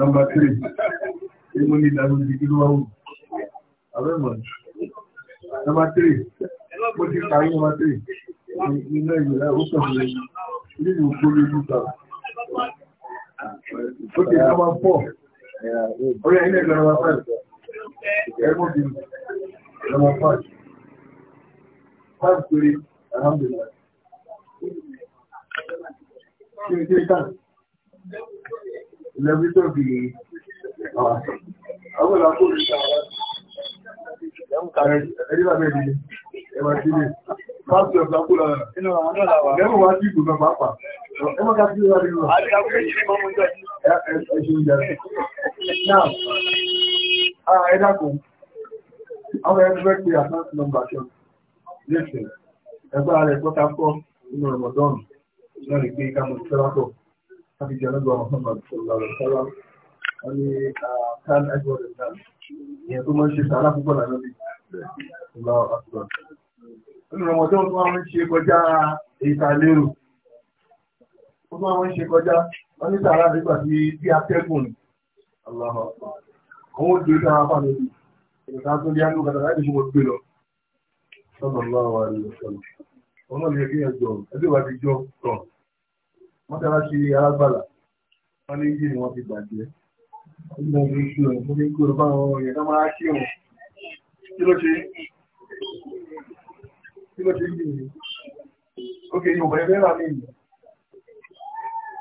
Number three, èmo ni ìdàrú di kí ló wá wù. Àbẹ́ mọ̀ jù. Number three, mo ti parí number three. Iná ìlera ó pọ̀ sí i. Ilé ìwò kó lójú ta. Ó ti ká máa pọ̀. Orí ẹ̀yìn ẹ̀gbẹ́ number five. Ẹ̀gbọ́n mi, number five. Five péré, alhamdulilayi. Kí ni kí ni káàkiri? lẹ́bí tó bí ah, àwọn ìlàkó ìta ẹ̀rí bàbá ìdílé ẹ̀wà ìdílé fásitì ọ̀pọ̀ àkúlọ̀ rẹ̀ lẹ́wọ̀n wá sí ìgbòmọ̀ pàápàá ẹmọ́ ká sí ìwádìí rẹ̀ ẹ̀ṣẹ̀ ìjà rẹ̀ náà ẹ̀dàkùn àwọn ẹgbẹ́ pé àkáǹtì nọmbà kan lẹ́sẹ̀ ẹgbẹ́ rẹ̀ pọ́tàkọ́ nínú rọ̀mọ̀dọ́nù lọ́rẹ̀ pé ká mọ̀ sí láti jẹ́ ọlọ́gbà Muhammad sallallahu alaihi wasallam wọ́n ní uh, khan edward ndan ìyẹn tó máa ń ṣe sàrà púpọ̀ lànà bí lọ àtúbọ̀. olùrànwọ́dé wọn tó máa ń ṣe kọjá ìta lérò ó tó máa ń ṣe kọjá wọ́n ní sàrà nígbà tí bí atẹ́gùn ni àwọn òjò ìta apá mi bí ìta tó di àgbò kàtàkà ìdí mo gbé lọ sọ́dọ̀ lọ́wọ́ àríwá sọ́dọ̀ wọn náà lè kéèyàn jọ ẹgbẹ́ wa ti jọ tọ̀ wọ́n tẹ́lá sí alágbàlá wọ́n ní jíìnì wọ́n ti bàjẹ́ nígbà tí kí òun fún ní kúrò bá àwọn èèyàn ká máa kí òun kí ló ṣe kí ló ṣe jíìnì ókè yóò bẹ̀rẹ̀ bẹ́ẹ̀ ní ìlú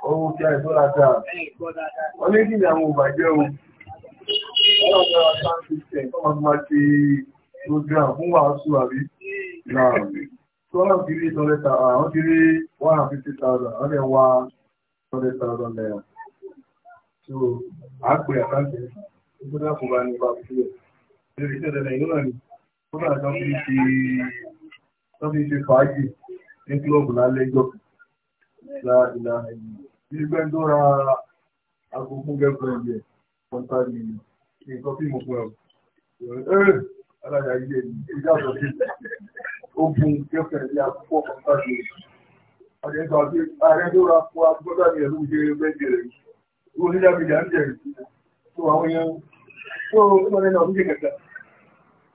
ohun tí a ìtọ́ láta wọ́n ní jíìnì àwọn òbàjẹ́ o wọ́n tẹ́lá sáńtì tẹ̀ kọ́ máa ti program fún wàásù àbí náà Sọ́lọ́n ti rí sọ́lẹ̀ tààrà, wọ́n ti rí 150,000, wọ́n lè wá sọ́lẹ̀ tààrà lẹ́yà. So, a pè àkáǹtì ìgbóná kò bá ní bá fi sílẹ̀. Ìrìn ìṣẹ̀lẹ̀ lẹ́yìn náà ni, ó bá àjọ fi ṣe wọ́n fi ṣe fàájì ní kílọ̀bù lálẹ́jọ́ láàrínlá ẹ̀yìn. Ìgbẹ́ tó ra aago fún girlfriend yẹn, kọ́ńtà ni nǹkan fíìmù fún ẹ̀. Ẹ́ alájà yìí ẹ̀yìn, ìjà sọ sí ogun tí ó kẹ̀lé àkókò ọ̀pọ̀ ọ̀dẹ̀ ìgbà tí ààrẹ tó ra fún agbọ́dọ̀ ní ẹ̀lú ìṣe méjì rẹ̀ ìwọ nílẹ̀ mi dàn jẹ̀ tó àwọn èèyàn tó wọ́n nínú ọdún kẹ̀kẹ́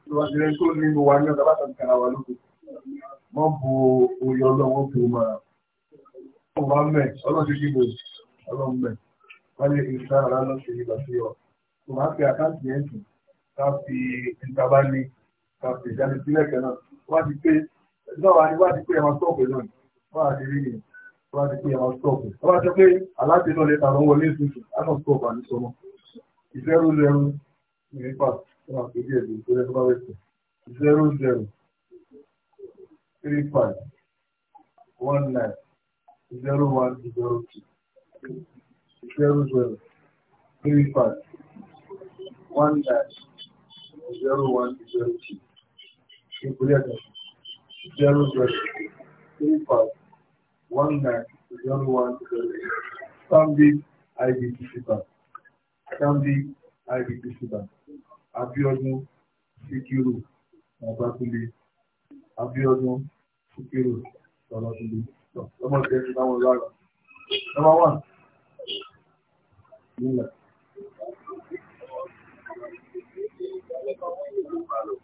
tó wà sílẹ̀ tó nínú wa ní ọ̀dà bàtà kàrà wà lóko wọ́n bu oyè ọlọ́wọ́ tó máa wọ́n bá mẹ́ ọlọ́dún dìbò ọlọ́run mẹ́ wọ́n lè fi sára lánàá sí ibà sí ọ tó máa fi àkáǹtì yẹn tù ká fi ìtabá ní ká fi ìdánilẹ́kẹ̀ẹ́ náà wá ti pé náà wá ní wá ti pé ẹ̀wọ̀n stọ́ọ̀pù náà wá ti rí nìyẹn wá ti pé ẹ̀wọ̀n stọ́ọ̀pù wá ti pé aláṣẹ náà lè tàbí wọlé tuntun àná stọ́ọ̀pù àti sọmọ zero zero nípa fún àpèjì ẹ̀dùn tó lẹ́kọ́ bá wẹ̀sẹ̀ zero zero three five one nine zero one zero two zero zero three five one nine zero one zero two zero zero three five one nine zero one zero eight stanbic IBTC bank stanbic IBTC bank abiodun sikiru babatunde abiodun sikiru babatunde ọmọ ìṣẹ́jú táwọn lára number one nílẹ̀. Thank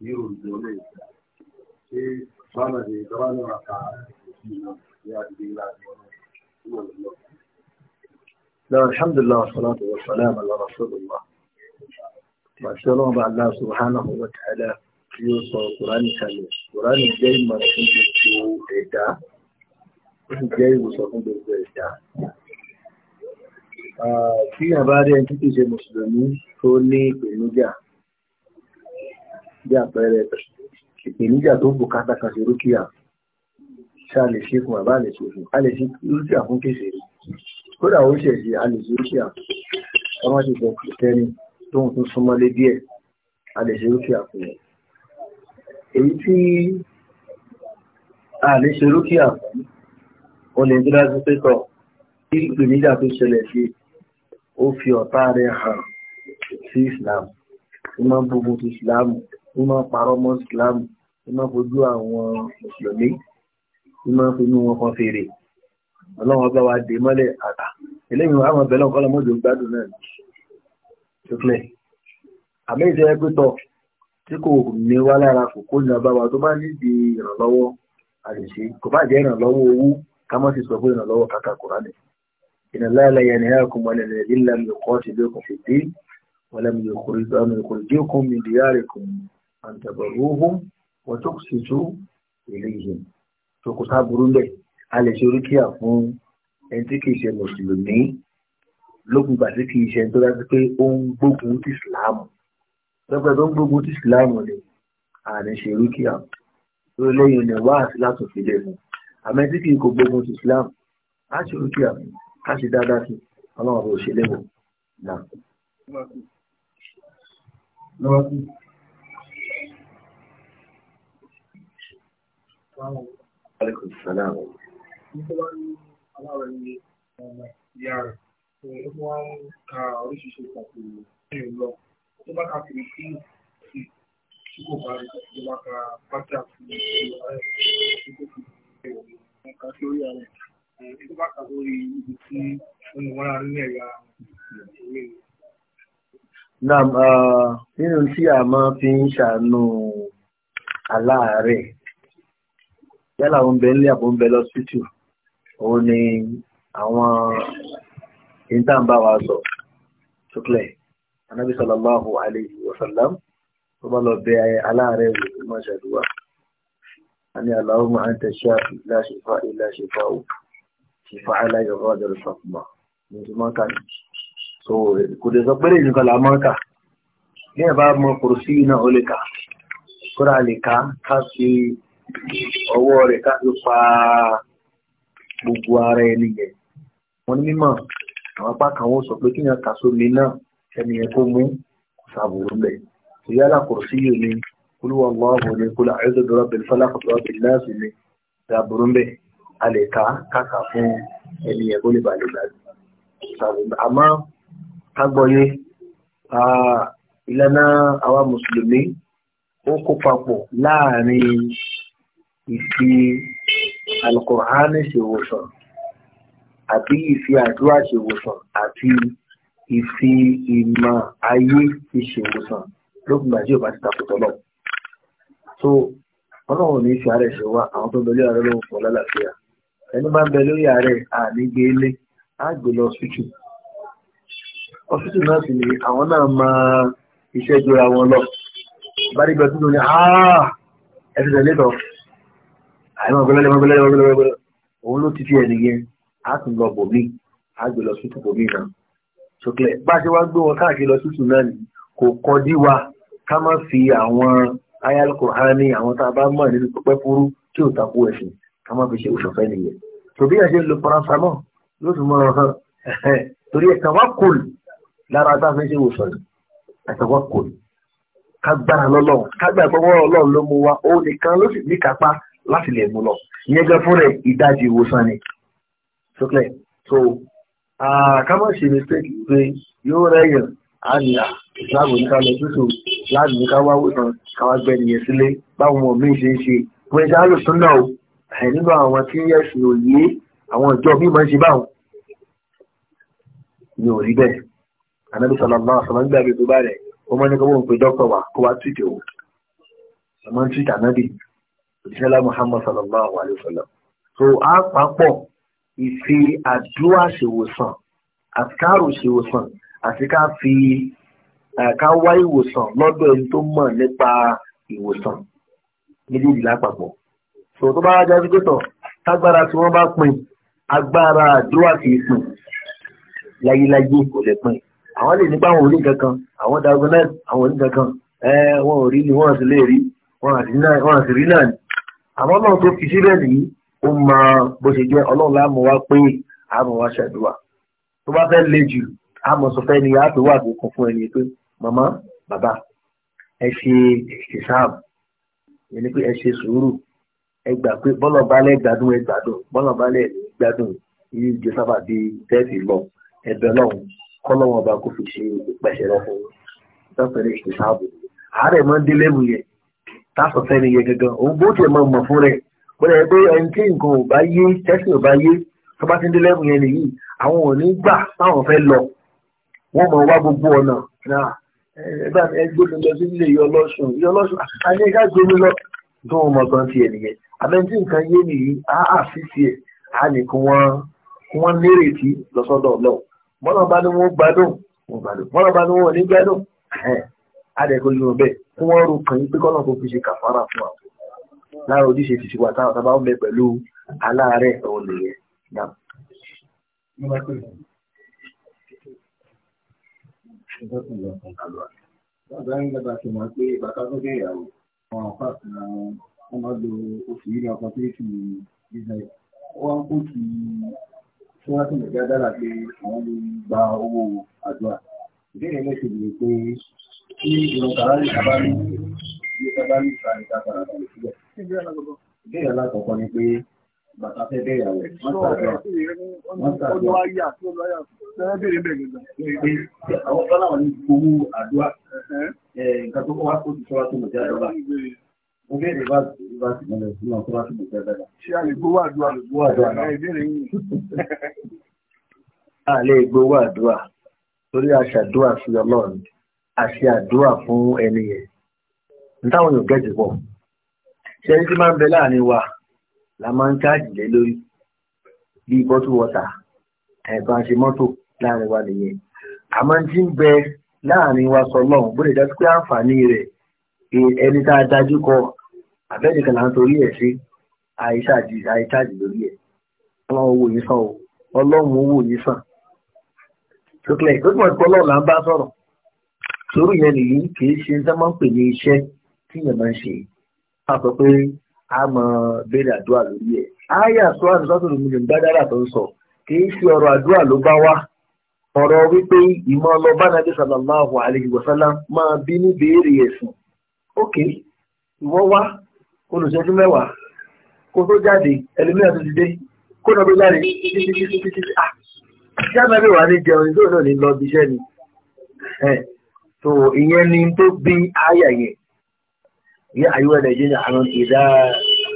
لا الحمد لله والصلاة والسلام على رسول الله ما شاء الله بعد الله سبحانه وتعالى يوصل القرآن الكريم القرآن الجاي ما رحمه الله إيتا الجاي وصفهم بالإيتا فيها بعد أنت تجي مسلمين فوني بنجاح bí àpẹẹrẹ ìpèníjà tó bùkátà kan sí rúkìá ṣá lè ṣe fún àbá lè ṣe fún a lè ṣe rúkìá fún kéṣe rí kódà ó ṣẹ̀ sí a lè ṣe rúkìá ọmọ ti sọ kẹni tóun tún súnmọ́lé díẹ̀ a lè ṣe rúkìá fún yẹn èyí tí a lè ṣe rúkìá fún o lè dúró sí pẹ́tọ̀ tí ìpèníjà tó ṣẹlẹ̀ sí ó fi ọ̀tá rẹ̀ hàn sí Islam ìmọ̀ gbogbo Islam ní máa parọ́ mọ́ Islam ní máa fojú àwọn mùsùlùmí ní máa finú wọn kan fèrè ọlọ́run ọgbà wa dé mọ́lẹ̀ àtà eléyìí àwọn ọbẹ̀ lọ́kọ́ lọ́mọdé gbádùn náà ṣùkúlẹ̀ àmì ìṣẹ́ ẹgbẹ́tọ̀ tí kò ní wá lára kò kó ní abáwa tó bá nídi ìrànlọ́wọ́ àlèṣe kò bá jẹ́ ìrànlọ́wọ́ owó ká mọ́ sí sọ fún ìrànlọ́wọ́ kàkà kùránì ìrànlọ́wọ́ yẹn ni ẹ̀kọ́ kò fi dé wọ́n an tabaruhum wa tuqsitu ilayhim tó kò sá burú bẹ́ẹ̀ a lè ṣe oríkìá fún ẹni tí kìí ṣe mùsùlùmí lókun ìgbà tí kìí ṣe tó dájú pé ó ń gbógun ti ìsìláàmù lọ́pẹ́ tó ń gbógun ti ìsìláàmù ni a lè ṣe oríkìá lórí lẹ́yìn ọ̀nà wá àti láti fi lè fún àmọ́ tí kìí kò gbógun ti a ṣe oríkìá fún a ṣe dáadáa sí Aleykum salaam. Tó ah, bá ka kiri sí tí kò bá rí tó bá ka pátá sí ọ̀rẹ́ tí kò fi ṣe ọ̀rẹ́ kí orí ara ẹ̀ tó bá ka lórí ibi tí wọ́n wọ́n rí ní ẹ̀yà ìwé rẹ̀. Nínú tí a máa fi ń ṣàánú aláàárẹ̀ yálà òun bẹ nílé àbò ń bẹ lọ́sítù òun ni àwọn ìntàǹbà wa sọ tókìlẹ anábì sallallahu alayhi wa sallam tó bá lọ bẹ aláàárẹ̀ wò ó má ṣàdúrà a ní allahumma anta shafi la shifa illa shifa'u shifa'a la yughadiru saqama ní ti máa ń kà ní. so kò dé sọ pé lè nìkan là máa ní ẹ̀ bá mọ kùrùsí náà ó lè kà kúrò àlè ká ká fi ọwọ́ rẹ̀ ká ló pa gbogbo ara ẹni yẹn wọ́n ní mímọ̀ àwọn apá kan wọ́n sọ pé kí yẹn kàṣó mi náà ẹni yẹn kó mú kò sàbòrò lẹ̀ ìyá alákòrò sí yìí ni olúwa ọmọ ọmọ ni kó láàrín tó dọ̀rọ̀ bẹ̀rẹ̀ fọlá kò dọ̀rọ̀ bẹ̀rẹ̀ náà sì ni sàbòrò ń bẹ̀ a lè ta kàkà fún ẹni yẹn kó lè balẹ̀ gbàdúrà sàbòrò àmọ́ ká yé ìlànà àwa mùsùlùmí ó kó papọ̀ láàrin ìfi alukọ̀hánì ṣèwòsàn àbí ìfi àdúrà ṣèwòsàn àti ìfi ìmọ̀ ayé ti ṣèwòsàn lókùngbà tí ò bá ti takùtọ̀ lọ. so ọlọ́run ní fi ààrẹ ṣe wá àwọn tó ń bẹ lórí ààrẹ lóhùn fún lálàáfíà ẹni máa ń bẹ lórí ààrẹ ànígbé ilé á gbé lọ ṣútù ọsítù náà sì ni àwọn náà máa iṣẹ́ jọra wọn lọ bá dìgbà tó ní àá ẹ̀sìn tẹ̀lé lọ àìmọ̀gbẹ́lẹ́lẹ́ mọ̀gbẹ́lẹ́lẹ́ mọ̀gbẹ́lẹ́lẹ́ òun ló ti fi ẹ̀nì yẹn á tún lọ bò mí á gbé lọ sútù bò mí náà ṣòkìlẹ̀ bá a ṣe wá ayal kohani àwọn tá a bá mọ̀ nínú pẹ́pẹ́ fúrú tí ò takú ẹ̀sìn ká má fi ṣe òṣòfẹ́ nìyẹn tòbí ẹ̀ṣẹ̀ lo paracetamol ló fi mọ́ ọ̀hán torí ẹ̀sán wá kòlù lára tá a láti lè mú lọ ìyẹn gan fún rẹ ìdajì ìwòsàn ni sókè so ká má ṣe mistake pé yóò rẹyìn àníyà ìsìláàmù níka lọ tútù láàmì níka wá wòsàn káwá gbẹ nìyẹn sílé báwọn ọmọ mi ṣe ń ṣe wọn ẹja lò sún náà ẹ nínú àwọn tí ẹsìn òye àwọn ìjọ bí máa ṣe báwọn ni ò rí bẹ́ẹ̀ anabi sọlọmọ sọlọmọ gbàgbé tó bá rẹ ó máa wọn pe dókítà wa kó wá túìtì òun ọmọ ń túìtì anabi òṣìṣẹ́lá Muhammad sallallahu alayhi wa sallam so àpapọ̀ ìfi àdúrà ṣèwòsàn àtikárò ṣèwòsàn àti ká fi ká wá ìwòsàn lọ́dọ̀ ẹni tó mọ̀ nípa ìwòsàn méjèèjì lápapọ̀ so tó bá wá jáde pé tọ̀ tágbára tí wọ́n bá pín agbára àdúrà kì í pín láyéláyé kò lè pín àwọn lè nípa àwọn orí kankan àwọn diagonal àwọn orí kankan ẹ wọn ò rí ni wọn àti lè rí wọn àti rí náà ni àmọ́ náà tó fi síbẹ̀ nìyí ó mọ bó ṣe jẹ́ ọlọ́run láàmú wá pé àmọ́ wá ṣàdúrà tó bá fẹ́ le jù àmọ́ sọ fẹ́ ni á tó wà tó kún fún ẹni pé màmá bàbá ẹ ṣe ìsáàm ẹni pé ẹ ṣe sùúrù ẹ gbà pé bọ́lọ̀ balẹ̀ gbádùn ẹ gbádùn bọ́lọ̀ balẹ̀ gbádùn yìí jẹ́ sábà di tẹ́ẹ̀tì lọ ẹ̀bẹ̀ lọ́hùn kọ́lọ́wọ́n ọba kò fi ṣe ìpẹ̀ṣẹ̀ lọ fún un sọ́fẹ̀rẹ̀ ìsáàbù àárẹ̀ máa ń délé mu yẹn táàsọ̀ sẹ́ni yẹ gangan òun bó tiẹ̀ máa mọ̀ fún rẹ̀ bó lẹ́yìn pé ẹni tí nǹkan ò bá yé tẹ́sí ò bá yé tó bá ti ń dé lẹ́mù yẹn nìyí àwọn ò ní gbà táwọn fẹ́ lọ wọ́n mọ̀ wá gbogbo ọ̀nà náà ẹgbẹ́ mi ẹgbẹ́ mi lọ sí ilé ìyọlọ́sùn ìyọlọ́sùn àti ẹgbẹ́ gbé mi lọ tó wọn mọ̀ gan tiẹ̀ nìyẹn àbẹ́ntì nǹkan yé nìyí á àfíìsì ẹ̀ á ní kí wọ́n kí wọ́n nírètí lọ́sọ́dọ̀ ọlọ́run mọ́nà bá adẹ́kọ̀ọ́ yóò bẹ́ẹ̀ kí wọ́n rò kàn yín pé kọ́nà kò fi ṣe kàfàrà fún wa lára ojúṣe ti ṣe wà táwọn tá a bá ń bẹ pẹ̀lú aláàárẹ̀ ọ̀hún nìyẹn. Bàbá ń gbàgbà tó máa pé bàtà tó jẹ́ ìyàwó, àwọn àpá wọn máa lo oṣù yìí ní ọkọ̀ tó ti ìṣẹ̀lẹ̀. Wọ́n kò kí tí wọ́n tún lè dá dára pé àwọn lè gba owó àdúrà. Ìbéèrè mẹ́sàn-án pé tí ìrọ̀ tààrí ìjọba ní ìjọba ní ìfà ìta padà bá lè sílẹ̀. ìbéèrè alákọ̀ọ́kọ́ ni pé bàtà fẹ́ bẹ̀rẹ̀ àwẹ̀ wọ́n sàgbà wọ́n sàgbà pé àwọn fọláwọn ní gbogbo àdúrà nǹkan tó wá tó ti sọ́wọ́ tó mọ̀ jáde ọba. mo béèrè bá bá sì mọ́lẹ̀ sí náà tó bá tó mọ̀ jáde ọba. ṣé a lè gbowó àdúrà lè gbowó àdúrà náà ìbéèrè yìí. a lè gbowó àdúrà torí a ṣàdúrà sí ọlọ́run. àti àdúrà fún ẹni yẹn nítawọn yóò gẹ́ẹ̀tì pọ̀ ṣe ẹni tí máa ń bẹ láàrin wa la máa ń káàdì lé lórí bíi bọ́tù wọ́tà ẹ̀gbọ́n àti mọ́tò láàrin wa nìyẹn àmọ́ tí ń bẹ láàrin wa sọ lọ́hùn bó lè dá sí àǹfààní ẹni tá a dájú kọ àbẹ́nìkan là ń torí ẹ̀ sí àìṣáàjì lórí ẹ̀ ọlọ́run owó sàn o ọlọ́run sàn. tó bá sọ̀rọ̀ sùúrù yẹn nìyí kì í ṣe dámọ́ pè ní iṣẹ́ tí yẹn máa ń ṣe a sọ pé a mọ béèrè àdúrà lórí ẹ̀ ayé àṣọ àdúrà mi lè gbá dára tó ń sọ kì í ṣe ọ̀rọ̀ àdúrà ló bá wá ọ̀rọ̀ wípé ìmọ̀ ọlọ́ba nàbí sallallahu alayhi máa bí ní béèrè ẹ̀sùn ókè ìwọ wá olùṣẹ́jú mẹ́wàá kó tó jáde ẹlòmíràn tó ti dé kó náà tó jáde títí títí títí ah jáde náà bí wàá ní jẹun ìdóòdó ní lọ bí ni so ìyẹn ni tó bí àyà yẹn yẹ àyíwá nàìjíríà àwọn ìdá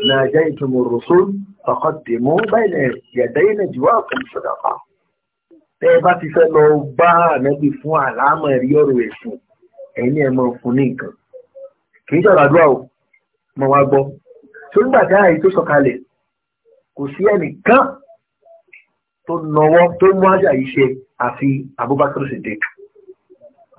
nàìjíríà ìtumọ̀ rọ̀sùn ọ̀kọ̀dìmọ̀ báyìí yàdáyé nàìjíríà fún sọ̀dọ̀kọ̀ tẹ́ ẹ bá ti fẹ́ lọ bá ànábì fún àlámọ̀ rí ọ̀rọ̀ ẹ̀sùn ẹ̀yìn ẹ̀ mọ̀ fún ní nǹkan kì í sọ̀rọ̀ àdúrà o mọ̀ wá gbọ́ tó nígbà tí àyè tó sọ̀kalẹ̀ kò sí ẹnìkan tó nọwọ́ tó mú àjà yìí ṣe àfi Abubakar Siddiq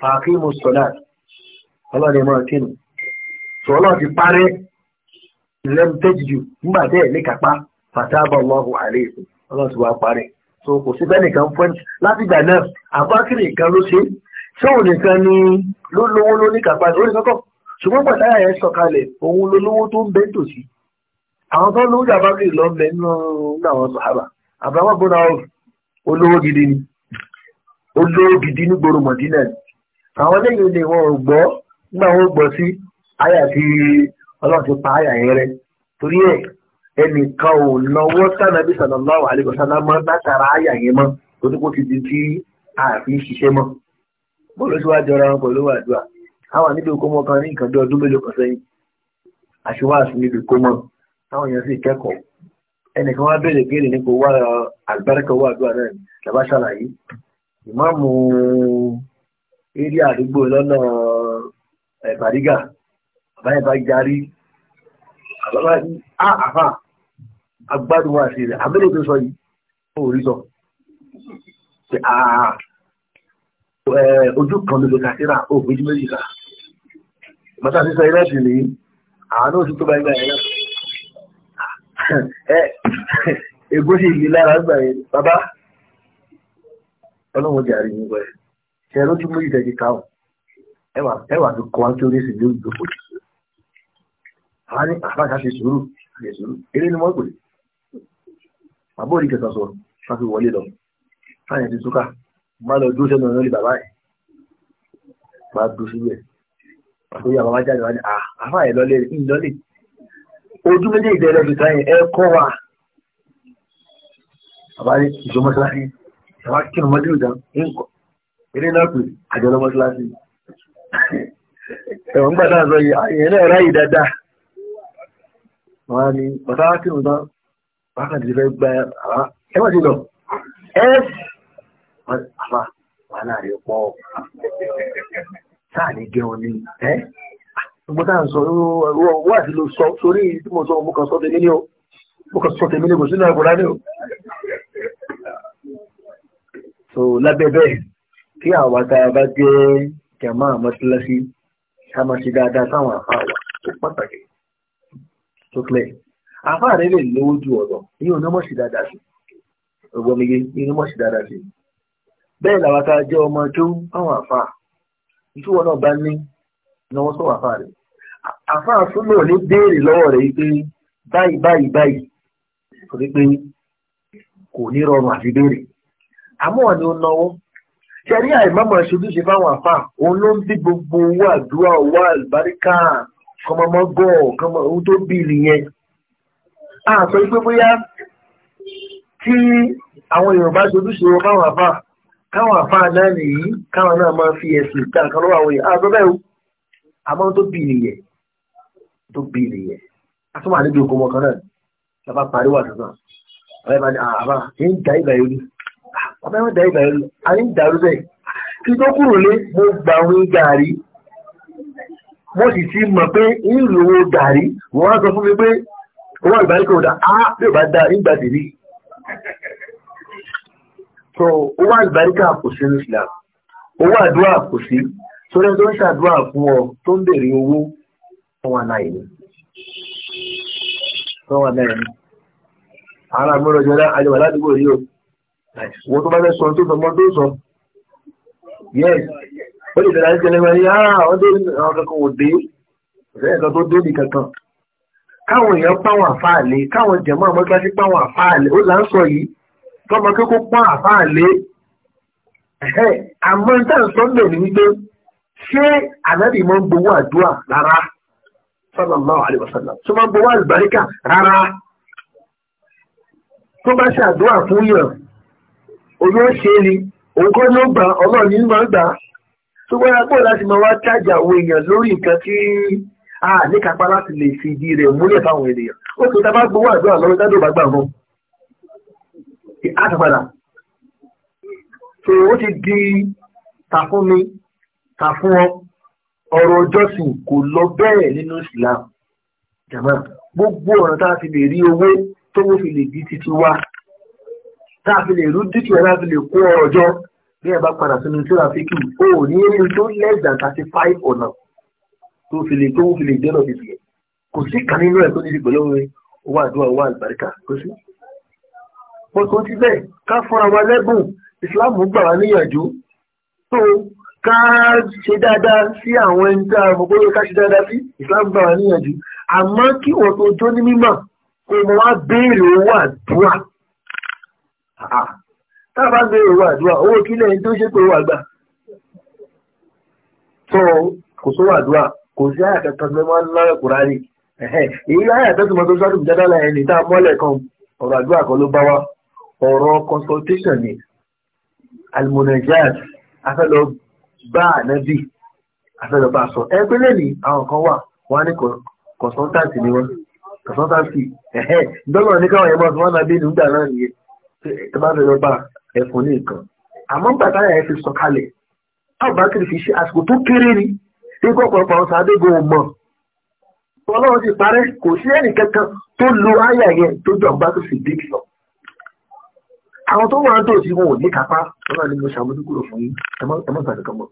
fàákìmù sọ̀lá ọlọ́run máa kí ni sọ ọlọ́run ti parẹ́ lẹ́nu tẹ́jìjù nígbà tẹ́ ní kápá fàtàbà ọlọ́run àlẹ́ ìfún ọlọ́run ti parẹ́ so kò sí bẹ́ẹ̀ nìkan fún láti ìgbà náà àbákìrì nìkan ló ṣe sóhun nìkan ni ló lówó ló ní kápá lórí sọ́kọ̀ ṣùgbọ́n pàtàkì yẹn sọ̀kalẹ̀ òun ló lówó tó ń bẹ́ tòsí àwọn tó lówó àbákìrì lọ bẹ nínú àwọn sàhábà àbáwọ̀ gbọ́dọ̀ olówó gidi ni olówó gidi ní gbòòrò àwọn eléyìí lè wọn ò gbọ́ nígbà wọn ò gbọ́ sí àyà tí ọlọ́run ti pa àyà yẹn rẹ torí ẹ̀ ẹnìkan ò náwó sànàbí sallallahu alaihi wasallam látara àyà yẹn mọ́ torí kò ti di tí àfi ṣiṣẹ́ mọ́ bọ́ọ̀lù tí wàá jọra wọn pẹ̀lú àdúrà àwọn níbi ìkómọ kan ní nǹkan bí ọdún mélòó kan sẹ́yìn àṣewáṣu níbi ìkómọ táwọn èèyàn sì kẹ́kọ̀ọ́ ẹnìkan wá bẹ̀rẹ̀ gẹ́rì nípa wà àlùbáríkà owó náà làbá ìmáàmù eré àdúgbò lọ́nà ẹ̀bàrígà eh, àbáyé bá jarí àbábá ní àhà agbádùn wa sí rẹ̀ abẹ́lẹ̀ tó sọ yìí ó rí sọ pé àà eh, ojú kan lóde kàtíra ó méjì méjì kà mọ́tà sísọ iná sì ní àánú sí tó bá ń gbà yẹn náà eh, sì yìí lára gbà yẹn bàbá ọlọ́run jàre nígbà yẹn. ṣe ló tún mú ìdẹ́jì ká ọ̀ ẹwà tó kọ́ wájú orí sì lórí ìdókòó jù àwọn ní àfáàṣà ṣe sùúrù ṣe sùúrù eré ni wọ́n pè àbó orí kẹsàn sọ fáfi wọlé lọ fáyẹn ti túká má lọ dúró sẹ́nu ọ̀nà ilé náà pè àjọ lọ́mọ kíláàsì ẹ̀wọ̀n gbàdá àzọ yìí àyẹ̀yẹ̀ náà ráyè dáadáa wọ́n á ní bàtà kírun tán wákàtí fẹ́ gba ẹ̀wọ̀n ti lọ ẹ́ àfà wàhálà rẹ̀ pọ̀ sáà ní jẹun ní ẹ́ mo tá à ń sọ wá sí ló sọ sórí tí mo sọ mo kàn sọ tèmi ní o mo kàn sọ tèmi ní kò sínú àkùrá ní o so lábẹ́ bẹ́ẹ̀ kí àwa tá a bá jẹ́ jàmá àmọ́síláṣí ká máa ṣe dáadáa sáwọn àfáà wa ó pàtàkì tó clear àfáà rẹ lè lówó ju ọ̀dọ̀ ìyẹn ò ní mọ̀ sí dáadáa sí ọgbọ́n mi yé ìyẹn ní mọ̀ sí dáadáa sí bẹ́ẹ̀ làwa tá a jẹ́ ọmọ tó àwọn àfáà ìṣúwọ́n náà bá ní náwó sọ̀rọ̀ àfáà rẹ̀ àfáà súnmọ́ ò ní béèrè lọ́wọ́ rẹ̀ pé báyìí báyìí báyìí torí pé kò ní rọrùn àti béèrè àmọ́ ọ̀ ṣẹ̀rí àìmọ́mọ̀ ṣojúṣe fáwọn àfà òun ló ń bí gbogbo owó àdúrà owó àlùbáríkà kọmọmọgọ́ ohun tó bí nìyẹn. a sọ pé bóyá tí àwọn èèyàn bá ṣojúṣe fáwọn àfà káwọn àfà náà nìyí káwọn náà máa fi ẹ̀sìn ìta kan lọ́wọ́ àwọn èèyàn àbẹ́bẹ́ o àmọ́ tó bí nìyẹn tó bí nìyẹn àtúmọ̀ àdébí okòmọ̀ kan náà làbá parí wà tuntun àbẹ́bẹ́ àbá ń da ìgbà yẹn ọmọ ẹ̀wọ̀n dá ìgbà ẹ̀rù ayé ń dàrú bẹ́ẹ̀ kí tó kúrò lé mo gbà wọn gàrí mo sì ti mọ̀ pé ń lò ó gàrí wọ́n wá sọ fún mi pé owó àlùbáríkà ò dá á bí ò bá dá nígbà tèmi so owó àlùbáríkà kò sí ní Islam owó àdúrà kò sí sórí ẹni tó ń ṣàdúrà fún ọ tó ń béèrè owó wọn wà láì ní wọn wà láì ní àwọn àmúròjọ ajọwà ládùúgbò rí o wọ́n tó bá fẹ́ sọ tó fọmọ́ tó sọ yes ó lè tẹ̀lé tẹ́lẹ̀ wọ́n ní ah wọ́n dé àwọn kankan ò dé ọ̀sẹ̀ nǹkan tó dé ní kankan káwọn èèyàn páwọn àfáàlé káwọn jẹ̀mọ́ àwọn kíláṣí páwọn àfáàlé ó là ń sọ yìí tọmọ kókó pọ́n àfáàlé àmọ́ ní táwọn sọ́ńdọ̀ ní wípé ṣé ànábì máa ń gbowó àdúrà rárá sallallahu alaihi wasallam tó máa ń gbowó àlùbáríkà rárá tó bá ṣe àdúrà fún yàn òun ó ṣe ni òun kọ́ ló gbà ọlọ́run ní máa ń gbà tó wáyà pọ̀ láti máa wá jájà àwọn èèyàn lórí nǹkan tí a ní kápá láti lè fi ìdí rẹ̀ múlẹ̀ fáwọn ènìyàn ó sì ta bá gbowó àdúrà lọ́wọ́ tá dòbá gbà fún àtàpadà tó ó ti di ta fún mi ta fún ọ ọ̀rọ̀ ọjọ́sìn kò lọ bẹ́ẹ̀ nínú Islam jàmá gbogbo ọ̀nà tá a ti lè rí owó tó wọ́n fi lè di titi wá táàfi lè rú dúkìá láti lè kó ọrọ̀ jọ bí ẹ bá padà sínú tíráfíkì o ò ní ewu tó less than thirty five ọ̀nà tó fi lè tó fi lè dé lọ bìbì yẹn kò sí kan nínú ẹ̀ tó ti di pẹ̀lú owó àdúrà owó àlùbáríkà kò sí. bó tó ti bẹ́ẹ̀ ká fúnra wa lẹ́bùn Islam gbà wá níyànjú tó ká ṣe dáadáa sí àwọn ẹni tá a mọ̀ pé ká ṣe dáadáa sí Islam gbà wá níyànjú àmọ́ kí wọ́n tó jó ní mímọ̀ kó mọ wá béèrè owó àdúrà. Ah, tá a bá gbé owó àdúrà owó kílẹ̀ ẹni tó ṣe pé owó àgbà tó kò sówó àdúrà kò sí àyà kankan tó máa ń lọ́rẹ̀ kúrá rí èyí láyà tó ti tó sọ́dọ̀ ìjọba láyà ẹni tá a mọ́lẹ̀ kan ọ̀rọ̀ àdúrà kan ló bá wa ọ̀rọ̀ consultation ni almonajad afẹ́lọ́ bá ànábì afẹ́lọ́ bá sọ ẹgbẹ́ lẹ́ni àwọn kan wà wọ́n á ní consultant ni wọ́n consultancy ẹ̀hẹ́ dọ́là ní káwọn ẹ̀mọ́ ọ̀sán wọn nàbí nígbà náà nìyẹn ẹ bá bẹ̀rẹ̀ bá ẹ̀fọn ní nǹkan àmọ́ bàtà ẹ̀ fi sọ kalẹ̀ àbákiri fi ṣe àsìkò tó kéré ni nígbà ọ̀pọ̀lọpọ̀ àwọn sàdégbò mọ̀ ọlọ́run ti parẹ́ kò sí ẹnì kankan tó lo àyà yẹn tó jọ àbákiri fi dé lọ àwọn tó wà ń tò sí wọn ò ní kápá ọlọ́run ni mo ṣàmójú kúrò fún yín ẹ̀mọ́ ìgbà kankan mọ̀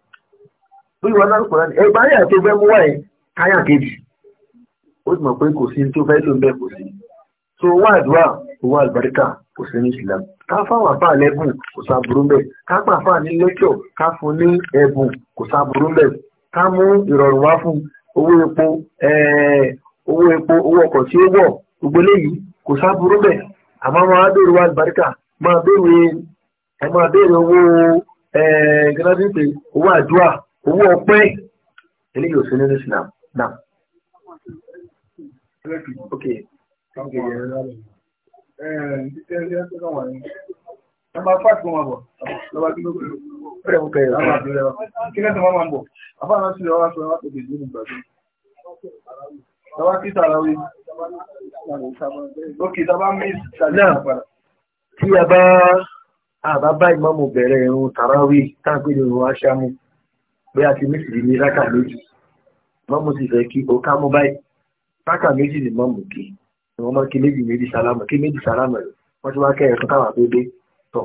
bí wọn náà kọ̀ọ̀rọ̀ ẹ̀ bá yà tó fẹ́ mú wáyé káyà kejì ó sì mọ̀ pé kò sí tó fẹ́ lò ń bẹ́ẹ̀ kò sí so wá àdúrà owó àlùbáríkà kò sí ní islam ká fáwọn àfáà lẹ́bùn kò sáburú mbẹ̀ ká pa àfáà ní lẹ́kọ̀ọ́ ká fún ní ẹ̀bùn kò sáburú mbẹ̀ ká mú ìrọ̀rùn wá fún owó epo eh, owó epo owó ọkọ̀ tí ó wọ̀ gbogbo eléyìí kò sáburú mbẹ̀ àmọ́ máa béèrè owó àlùbáríkà máa béèrè ẹ máa béèrè owó gẹ́gẹ́ eh, owó àdúrà owó ọpẹ́ eléyìí ò sí nínú islam náà. Okay. Okay. Yeah. Nàbà fáàtì wọn bọ̀, nàbà kí ló kọ̀ ẹ̀rọ kọ̀ ẹ̀rọ kọ̀ ẹ̀rọ. Kí lẹ́sìn wọn máa ń bọ̀? Àbá náà sì lọ́wọ́ aṣọ láti òkè ìdílé ìgbà tó. Nàbà kí sàràwí. Ókè tàbá mìíràn tàbí àpàrà. Tí a bá àbá bá ìmọ̀mù bẹ̀rẹ̀ irun tàràwí táǹpé ní irun aṣáámú, bí a ti mìsìlì ní rákà méjì. Mọ́mù ti fẹ́ kí o ká mú báyìí. Rákà méjì ni mọ́mù kì í wọ́n máa kí méjì méjì sálámà kí méjì sálámà rẹ̀ wọ́n ti wá kẹ́ ẹ̀sán táwọn tó dé tọ̀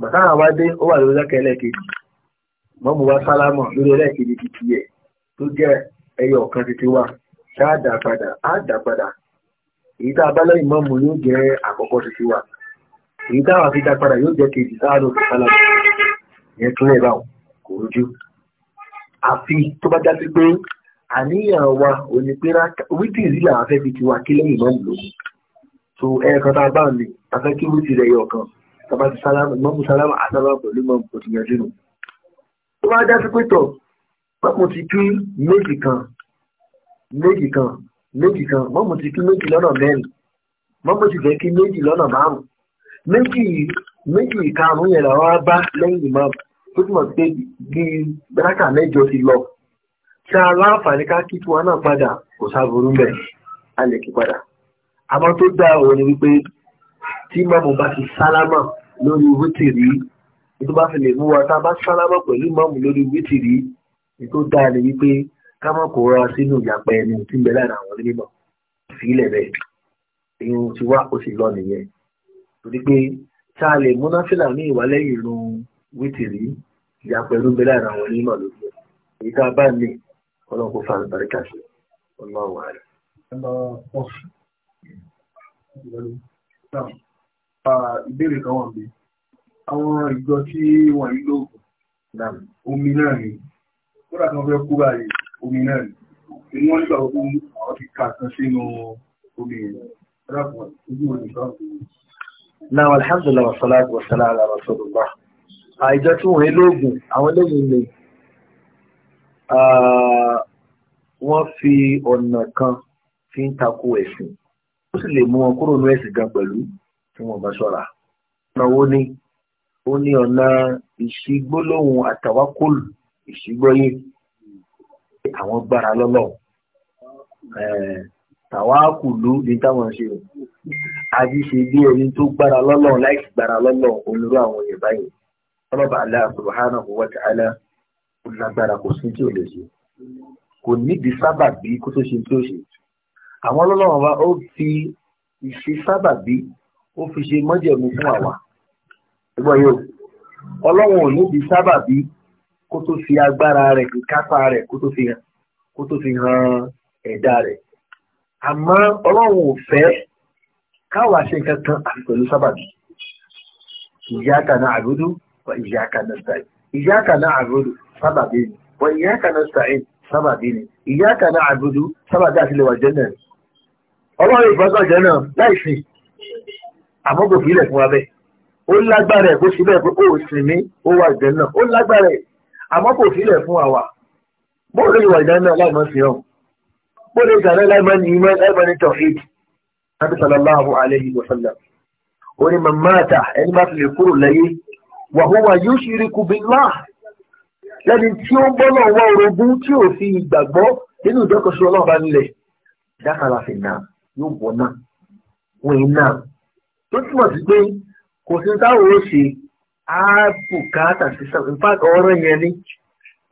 bàtà àwọn wá dé ó wà lórí lẹ́kẹ̀ẹ́ lẹ́ẹ̀kejì mọ́mú wá sálámà lórí lẹ́ẹ̀kejì ti tiẹ̀ tó jẹ́ ẹyọ ọ̀kan títí wà ṣáà dà padà á dà padà èyí tá a bá lẹ́yìn mọ́mú yóò jẹ́ àkọ́kọ́ títí wà èyí tá àwọn àfidá padà yóò jẹ́ kejì sáàdùn tó sálámà yẹn tún lè báwọn kò rújú àfi tó bá já sí pé àníyàn wa ò ní pé wítìrì là á fẹ́ fi tiwa kí lẹ́yìn náà lò so ẹ̀ẹ̀kan tá a bá mi a fẹ́ kí wítìrì ẹ̀yọ̀ kan tàbá ti sálámà mọ́mú sálámà àtàbà pẹ̀lú mọ́mú kò ti yànjú nù. ó wá dá sí pé tọ̀ mọ́mú ti kí méjì kan méjì kan méjì kan mọ́mú ti kí méjì lọ́nà mẹ́rin mọ́mú ti fẹ́ kí méjì lọ́nà márùn méjì méjì karùn-ún yẹn làwọn bá lẹ́yìn ìmọ̀ tó túmọ̀ pé bí rákà mẹ́jọ ti lọ ṣe aláǹfààní ká kí tiwa náà padà kò sáburú mbẹ a lè kí padà àmọ́ tó dá òun ni wípé tí mọ́mù bá ti sálámà lórí wítìrí tó bá fi lè mú wa tá a bá sálámà pẹ̀lú mọ́mù lórí wítìrí tó dá ni wípé ká mọ̀ kó rọra sínú ìyàpẹ́ ẹni tí ń bẹ láàrin àwọn onímọ̀ sílẹ̀ bẹ́ẹ̀ irun ti wá ó sì lọ nìyẹn torí pé tá a lè múná fìlà ní ìwálẹ́yìn irun wítìrí ìyàpẹ́ ẹni ń bẹ láàrin àwọn onímọ̀ lórí ẹ̀ ọlọ́run kò fa àlùbáríkà sí ọlọ́run wà rẹ̀. ìbéèrè kan wà ń bí àwọn ìjọ tí wọ́n ń lo omi náà ni kódà kan fẹ́ kú báyìí omi náà ni inú wọn nígbà gbogbo àwọn ti kà kan sínú omi yẹn kódà ojú òní kan. náà alhamdulilayi wa salatu wa salam ala rasulillah àìjọ tí wọ́n ń lo oògùn àwọn eléyìí ni Ah, wọ́n fi ọ̀nà kan fi ń tako ẹ̀sìn ó sì lè mú wọn kúrò ní ẹ̀sìn gan pẹ̀lú tí wọ́n bá ṣọ́ra. ọ̀nà wo ni ó ní ọ̀nà ìṣígbólóhùn àtàwákòlù ìṣígbóyè àwọn gbára lọ́lọ́ eh, tàwákùlù ní táwọn ṣe àti ṣe bí ẹni tó gbára lọ́lọ́ láì gbára lọ́lọ́ onírú àwọn èèyàn báyìí ọlọ́ba aláàbùrù hánà wa ta'ala ó lágbára kò sí tí ò lè ṣe kò nídìí sábàbí kó tó ṣe tí ó ṣe àwọn ọlọ́run wa ó fi ìṣe sábàbí ó fi ṣe mọ́jẹ̀mú fún àwa ẹgbọ́n yóò ọlọ́run ò nídìí sábàbí kó tó fi agbára rẹ̀ ìkápá rẹ̀ kó tó fi hàn kó tó fi hàn ẹ̀dá rẹ̀ àmọ́ ọlọ́run ò fẹ́ káwa ṣe nǹkan kan àti pẹ̀lú sábàbí ìyá kan náà àgódó ìyá kan náà sáyé ìyá kan náà àgódó sábàbí ni wọ́n iyyaka nasta'in sábàbí ni iyyaka na'budu sábàbí àti lè wà jẹ́ náà ọlọ́run ìfọ́sọ̀ jẹ́ náà láì sìn àmọ́ kò fi ilẹ̀ fún wa bẹ́ẹ̀ ó lágbára ẹ̀ kó síbẹ̀ pé ó sìn mí ó wà jẹ́ náà ó lágbára ẹ̀ àmọ́ kò fi ilẹ̀ fún àwa bóun lè wà jẹ́ náà láì mọ́ sí ọ̀hún bóun lè jàrẹ́ láì mọ́ ní ìmọ̀ láì mọ́ ní tọ̀fíìd nàbí sallallahu alayhi wa ó ní mamata ẹni má fi lè kúrò lẹ́yìn wa huwa yushriku billah lẹ́ni tí ó ń bọ́ náà wá orogún tí ò fi ìgbàgbọ́ nínú ìjọkọ̀ṣe ọlọ́ọ̀bá nílẹ̀ dákàlà fi nà yóò wọ̀ náà wọ́n iná tó túmọ̀ sí pé kò sí táwọn ó ṣe á bùkátà sí sábà in fact ọ̀rọ̀ yẹn ni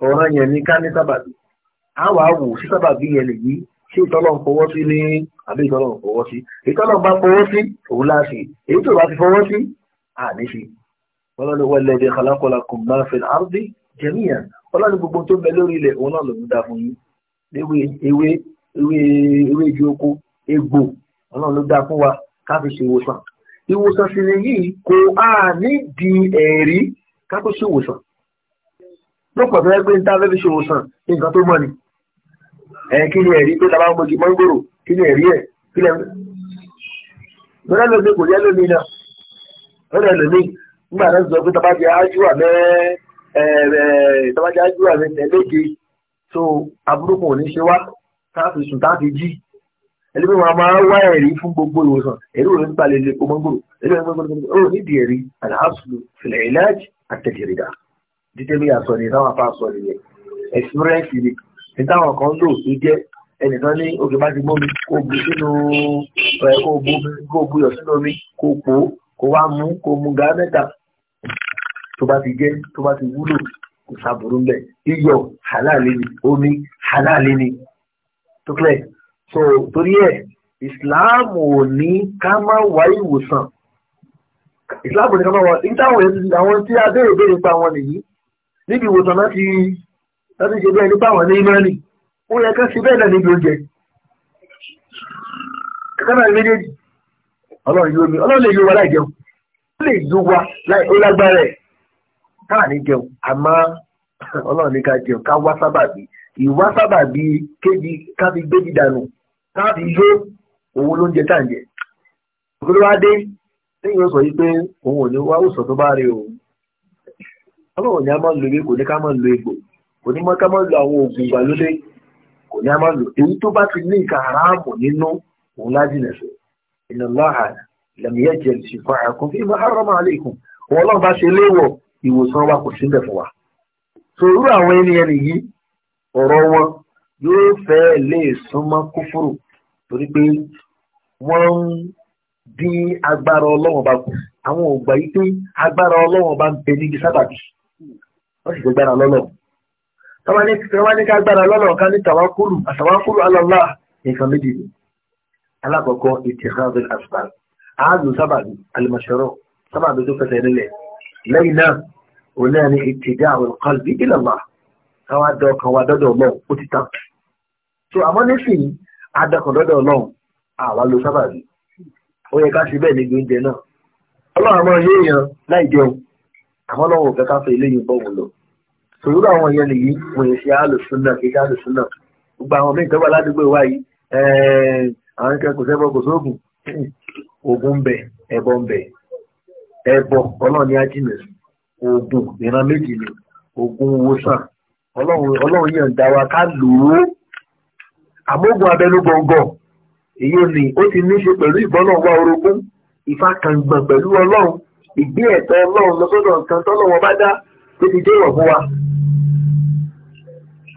ọ̀rọ̀ yẹn ni ká ní sábàbí á wàá wò sí sábàbí yẹn nìyí ṣé ìtọ́lọ̀ ń fọwọ́ sí ní àbí ìtọ́lọ̀ ń fọwọ́ sí ìtọ́lọ̀ bá fọwọ́ sí òun láṣẹ èyí tó bá ti fọwọ́ sí àníṣe wọ́n lọ́dọ̀ wọ́n lẹ́dẹ̀ẹ́ kọlákọlá kùn máa fẹ́ jẹ̀míyà ọlọ́run gbogbo tó bẹ lórí ilẹ̀ òun náà lòún dá fún yín ewé ewé ewé ewé ju oko egbò ọlọ́run ló dá fún wa ká fi ṣe ìwòsàn ìwòsàn sì ni yìí kò á ní di ẹ̀rí ká tó ṣe ìwòsàn lọ́pọ̀ tó yẹ pé níta fẹ́ fi ṣe ìwòsàn nǹkan tó mọ̀ ni ẹ̀ kí ni ẹ̀rí pé tàbá mọ̀gì mọ́ngòrò kí ni ẹ̀rí ẹ̀ kí lẹ́ mọ́rẹ́ lómi kò yẹ lómi náà mọ́rẹ́ lómi nígbà náà sọ pé tàbá jẹ ájú àmẹ́ẹ́ ìtọ́bájá júwà ní ẹlẹ́gẹ tó aburúkú ò ní ṣe wá táàfi sùn táàfi jí ẹlẹ́gbẹ́ wọn máa wá ẹ̀rí fún gbogbo ìwòsàn ẹ̀rí òun nípa lè lè pomọ́ gbòòrò ẹ̀rí òun gbogbo ó nídìí ẹ̀rí àlàáfíà fìlẹ̀ ìlàjì àtẹ̀jẹ̀rìdà dídé bí àsọ ni táwọn afá sọ nìyẹn experience ni ní táwọn kan lò tó jẹ́ ẹnìkan ní òkè bá ti gbọ́ mi kó bu sínú ẹ̀ kó bu yọ̀ sínú omi kó pò kó wá mú kó mu gàá tó bá ti jẹ́ tó bá ti wúlò kò sàbùrù ńbẹ̀ iyọ̀ halal ni omi halal ni tó clear so torí ẹ̀ islam ò ní ká má wá ìwòsàn islam ò ní ká má wá níta àwọn tí a béèrè béèrè pa wọn nìyí níbi ìwòsàn láti láti ṣe bẹ́ẹ̀ nípa àwọn ní imani ó yẹ ká sí bẹ́ẹ̀ náà níbi oúnjẹ kankan náà méjèèjì ọlọ́run yóò mi ọlọ́run lè yóò wa láì jẹun ó lè yóò wa láì ó lágbára ẹ̀ táà ní jẹun àmọ́ ọlọ́run ní ká jẹun ká wá sábàbí ìwá sábàbí kébi ká fi gbé dídànù yó òun ló sọ pé òun ò ní wá ó sọ tó bá rí ọlọ́run ní a máa ń lo ewé kò ní ká máa ń lo egbò kò ní ká máa ń lo àwọn oògùn ìgbàlódé kò ní a máa ń lo èyí tó bá ti ní ìka aráàmù nínú òun ìwòsàn wa kò sí bẹ̀ fún wa sòrú àwọn ènìyàn nìyí ọ̀rọ̀ wọn yóò fẹ́ lè súnmọ́ kúfúrù torí pé wọ́n ń dín agbára ọlọ́wọ́n bá kù àwọn ògbà yìí pé agbára ọlọ́wọ́n bá ń bẹ níbi sábàbí wọ́n sì fẹ́ gbára lọ́lọ́wọ́ tọ́wọ́n ní ká gbára lọ́lọ́wọ́ ká ní tàwákùrù àtàwákùrù alọ́lá nǹkan méjì ni alákọ̀ọ́kọ́ ìtìkàbẹ̀ àṣùpàrọ̀ àádùn sábàbí alìmọ̀ṣọ́rọ̀ sábàbí tó fẹsẹ̀ nílẹ̀ lẹ́yìn náà òun náà ni ìtìdá àwọn qalbi ila Allah káwá dọ ọkàn wa dọ́dọ̀ ọlọ́run ó ti tán so àmọ́ nísìnyí adọkàn dọ́dọ̀ ọlọ́run àwa ló sábà rí ó yẹ ká ṣe bẹ́ẹ̀ níbi oúnjẹ náà ọlọ́run àmọ́ yé èèyàn láì jẹun àmọ́ lọ́wọ́ òfẹ́ ká fẹ́ eléyìí bọ́ wọn lọ sòwúrò àwọn yẹn nìyí wọ́n yẹn ṣe àlùsùnà kì í ṣe àlùsùnà gbogbo àwọn míì tọ́gbà ládùúgbò wa yìí àwọn akẹ́kọ̀ọ́ kò sẹ́bọ̀ kò sóògùn ògùn ń bẹ ẹbọ ń bẹ ẹbọ ọlọ́run ni á jìnà sí oògùn ìran méjì ni oògùn wòsàn ọlọ́run yàn dá wa ká lò ó àmógùn abẹnú gbọ̀ngàn èyí ò ní ó ti ní í ṣe pẹ̀lú ìbọ́lọ́wọ́ orogún ìfakàngbọ̀n pẹ̀lú ọlọ́run ìgbé ẹ̀tọ́ ọlọ́run lọ́sọ́dọ̀ nǹkan tọ́lọ́wọ́ bá dá tó ti dé ìwọ̀ fún wa.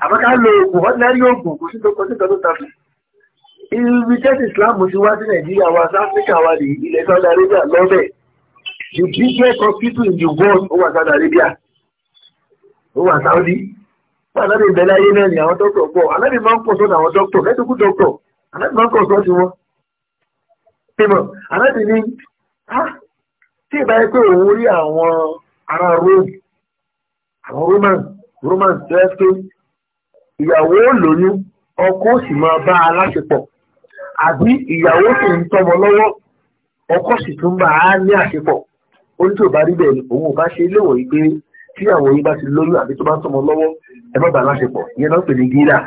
àbáká lo oògùn ordinary oògùn kò sí tó kọ sí kan tó tàbí. irú tẹ́sí islam ti wá sí nàìjíríà wa south africa wa ní ilẹ̀ saudi arabia lọ́bẹ̀ẹ́ The biggest people in the world ó wà Saudi Arabia ó wà Saudi. Wọ́n àná lè bẹ̀rẹ̀ ayé náà ni àwọn dọ́kítọ̀ pọ̀. Àná lè máa ń pọ̀ sọ́dọ̀ àwọn dọ́kítọ̀ lẹ́tọ̀kú dọ́kítọ̀. Àná lè máa ń pọ̀ sọ́dọ̀ wọn. Tèmọ̀ àná lè ní tí ìbáyé pé òun rí àwọn ará Rome àwọn Roman Roman tẹ́fẹ́ ìyàwó lóyún ọkọ sì máa bá a láṣepọ̀ àbí ìyàwó sì ń tọmọ lọ́wọ́ ọkọ sì tún bá a ní àṣepọ̀ ó ní tí ò bá rí bẹ́ẹ̀ ni òun ò bá ṣe léwọ̀ yìí pé tí àwọn yìí bá ti lóyún àbí tó bá ń sọmọ lọ́wọ́ ẹ má bàa láṣepọ̀ ìyẹn náà ń pè ní gíra.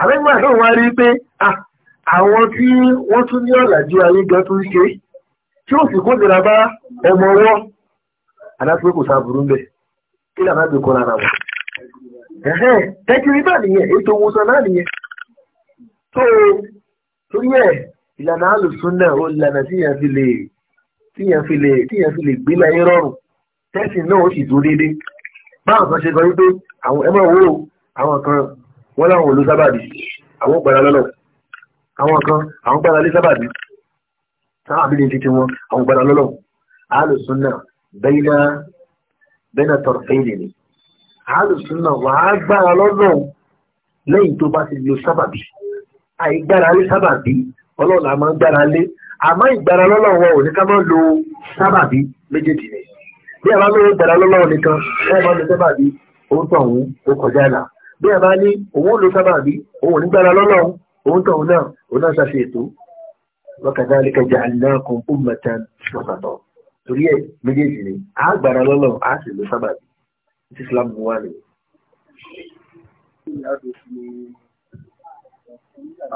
àwọn ẹgbẹ́ àdéhùn wa rí pé àwọn tí wọ́n tún ní ọ̀làjú ayé gan tún ṣe tí ó sì kó nira bá ọmọ wọn adájọ́ kò sá burú bẹ́ẹ̀ kí làwọn àgbẹ̀ kọ́ lára wọn. tẹ́kiri náà nìyẹn ètò òwòsàn náà nìyẹn tó torí ẹ̀ ìlànà àlùsùn náà ó lànà sí ìyẹn tíyẹn fi lè gbé láyé rọrùn tẹ́sì náà ó sì dúró déédé báwọn kan ṣe sọ wípé àwọn ẹmọ owó àwọn kan wọ́n láwọn olú sábàbí àwọn gbára lọ́nà àwọn kan àwọn gbára lé sábàbí sáwọn àbílẹ̀ títí wọn àwọn gbára lọ́nà àálùsùn náà bẹ́ẹ̀nà bẹ́ẹ̀nà tọ̀rọ̀fẹ́lẹ̀ ni àálùsùn náà wà á gbára lọ́nà lẹ́yìn tó bá ti lo sábàbí àìgbára lé sábàbí ọlọ́run àmọ́ ń gbára lé àmọ́ ìgbára lọ́lọ́run wọn ò ní ká máa lo sábàbí méjèèjì ni bí a bá ní ìgbára lọ́lọ́run nìkan ẹ máa lo sábàbí òun tó òun ó kọjá là bí a bá ní òun lo sábàbí òun ò ní gbára lọ́lọ́run òun tó òun náà òun náà ṣàṣe ètò lọ́kàdá alẹ́kẹjà aláàkùn ọmọọ̀tàn lọ́sàtọ̀ torí ẹ méjèèjì ni a gbára lọ́lọ́run a sì lo sábàbí ti Islam wà ní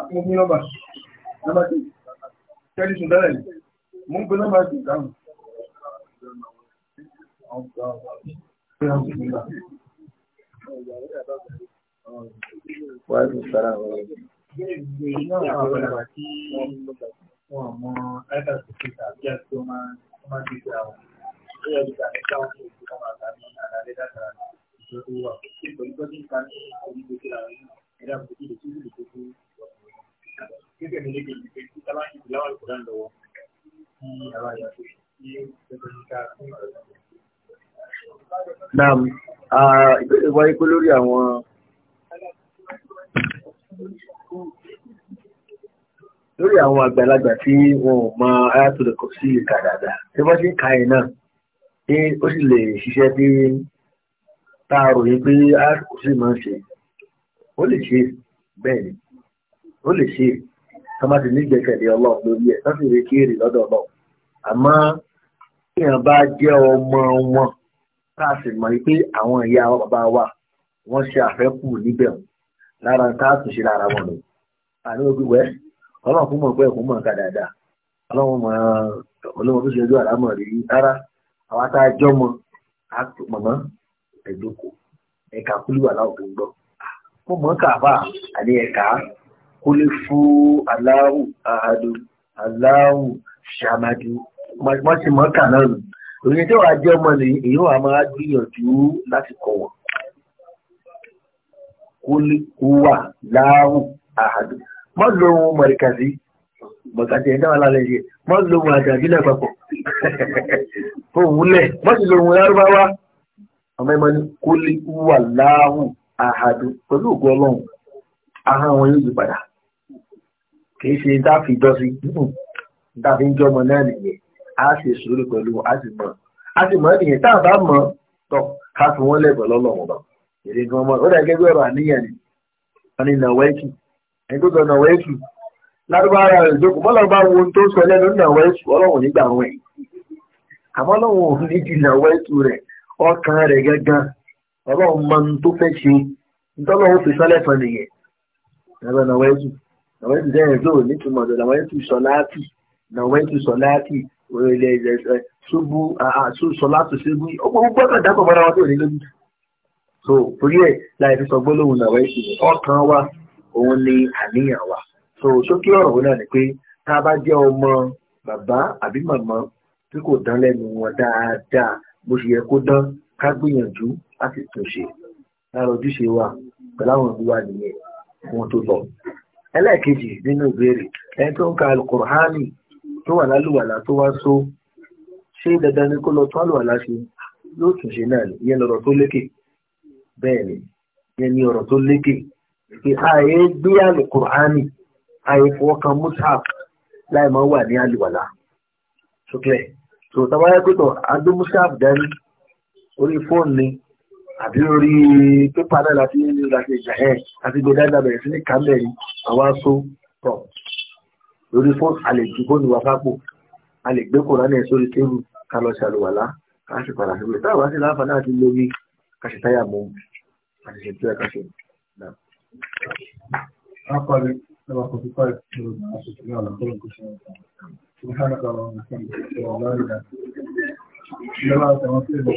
Thank you. Number two. Tẹ́lí sùn tẹ́lẹ̀ ni. Mo ń pe number two dáhùn. Wà á sùn sára àwọn ọ̀rọ̀. Ìgbésí àwọn ọ̀rọ̀ tí wọ́n mọ ẹ̀ka ìpèsè àbí àti tó máa ń gbé sí àwọn. Ó yẹ kí àti káwọn ní ìdíkà máa bá ní àlàyé dáadáa ìjọba wà. Ìgbésí ìgbésí ìka ní orí gbèsè àwọn ẹ̀dá ìgbésí ìgbésí ìgbésí ìgbésí gẹ́gẹ́ mi lébi ìgbé tí sábà ń ṣe láwọn ìkọ̀dá lọ́wọ́ kí àwọn àyà tó ṣe gbogbo níta fún ọ̀rọ̀ Nam, ìbéèrè wáyé pé lórí àwọn lórí àwọn àgbàlagbà tí wọn ò mọ ayatollah kò sí ìka dáadáa tí wọ́n ti ń ka ẹ̀ náà ní ó sì lè ṣiṣẹ́ bí tá a ròyìn pé ayatollah kò máa ń ṣe ó lè ṣe bẹ́ẹ̀ ni ó lè ṣe tọ́mọ́ ti ní ìgbẹ́kẹ̀lé ọlọ́run lórí ẹ̀ tọ́sí rẹ̀ kéèrè lọ́dọ̀ ọlọ́run àmọ́ tí èèyàn bá jẹ́ ọmọ wọn tá a sì mọ̀ pé àwọn ìyá bàbá wa wọ́n ṣe àfẹ́kù níbẹ̀ lára tá a tún ṣe lára wọn lò àní ògbìwẹ́ ọlọ́run fún mọ̀ pé ẹ̀kún mọ̀ ká dáadáa ọlọ́run mọ̀ ọlọ́run tó ṣe ojú àlámọ̀ rí rárá àwa tá a jọ́ mọ mọ̀mọ́ ẹ̀dókò ẹ̀ka kúlúwà láwùjọ gbọ́ ah, mo mọ̀ àní ẹ̀ka kólé fún aláwù àádó aláwù ṣàmàdì wọ́n sì mọ́kà náà nù òyìn tí wàá jẹ́ ọmọ lè èyí wàá máa gbìyànjú láti kọ̀ wọ́n kólé kówà láwù àádó mọ́ lo ohun mọ̀rìkàdì mọ̀rìkàdì ẹ̀dá wà lálẹ́ yẹ mọ́ lo ohun àjàdí náà papọ̀ ohun lẹ̀ mọ́ sì lo ohun lárúbáwá ọmọ ẹ̀mọ́ ni kólé kówà láwù àádó pẹ̀lú ògùn ọlọ́run ahọ́n wọn yóò yí padà kì í ṣe dáfi jọ́sí dáfi ń jọmọ náà nìyẹn a ṣe sùúrù pẹ̀lú a sì mọ̀ a sì mọ̀ nìyẹn tá a bá mọ̀ tọ́ ká fi wọ́n lẹ́gbẹ̀ẹ́ lọ́lọ́wọ́n bá èrè gan mọ́ ó dàgẹ́ ọ̀rọ̀ àníyàn ni wọ́n ní nàwẹ́kì ẹni tó sọ nàwẹ́kì lárúbára rẹ̀ jókòó mọ́lá bá wo tó sọ lẹ́nu nàwẹ́kì ọlọ́run nígbà wọn yìí àmọ́ ọlọ́run ò ní di nàwẹ́kì rẹ̀ ọkàn rẹ̀ gángan ọlọ́run mọ ohun tó fẹ́ ṣe nítorí nawaitu zai zo ni tuma da nawaitu salati nawaitu salati wele subu a su salatu subu o gbogbo gbọ́dọ̀ dákọ mọra wọn tó ní lójú so torí ẹ láì fi sọ gbólóhùn nawaitu ọkàn wa òun ni àníyàn wa so sókè ọ̀rọ̀ wọn náà ni pé tá a bá jẹ ọmọ bàbá àbí màmá tí kò dán lẹ́nu wọn dáadáa bó ṣe yẹ kó dán ká gbìyànjú láti tún ṣe lára ojúṣe wa pẹ̀lú àwọn ìlú wa nìyẹn wọn tó lọ ẹlẹ́ẹ̀kejì nínú ìbéèrè ẹni tó ń ka alukur'ani tó wà lálùwàlà tó wá só ṣé dandan ni kó lọ tún àlùwàlà ṣe yóò tún ṣe náà ìyẹn lọ́rọ̀ tó lékè bẹ́ẹ̀ ni ìyẹn ni ọ̀rọ̀ tó lékè pé ààyè gbé alukur'ani ààyè fọwọ́kan mushaf láì máa wà ní àlùwàlà ṣùkẹ́ tó tàbáyé pé adó mushaf dání orí fóònù ni àbí orí pépà náà láti ìjà ẹ̀ àti gbẹdá ìdàbẹ̀rẹ̀ sí ní kàmẹ́rin àwa so tọ̀ lórí fún àlejò bóni wà fápò àlègbé kò ránà sórí tébù ká lọ ṣàlùwàlá ká sì padà sílẹ̀ táwọn wá sí láǹfààní àti lórí ká sì táyà mọ́ àti ṣètò ẹ̀ ká sì nà. akọni ẹwà kò ṣe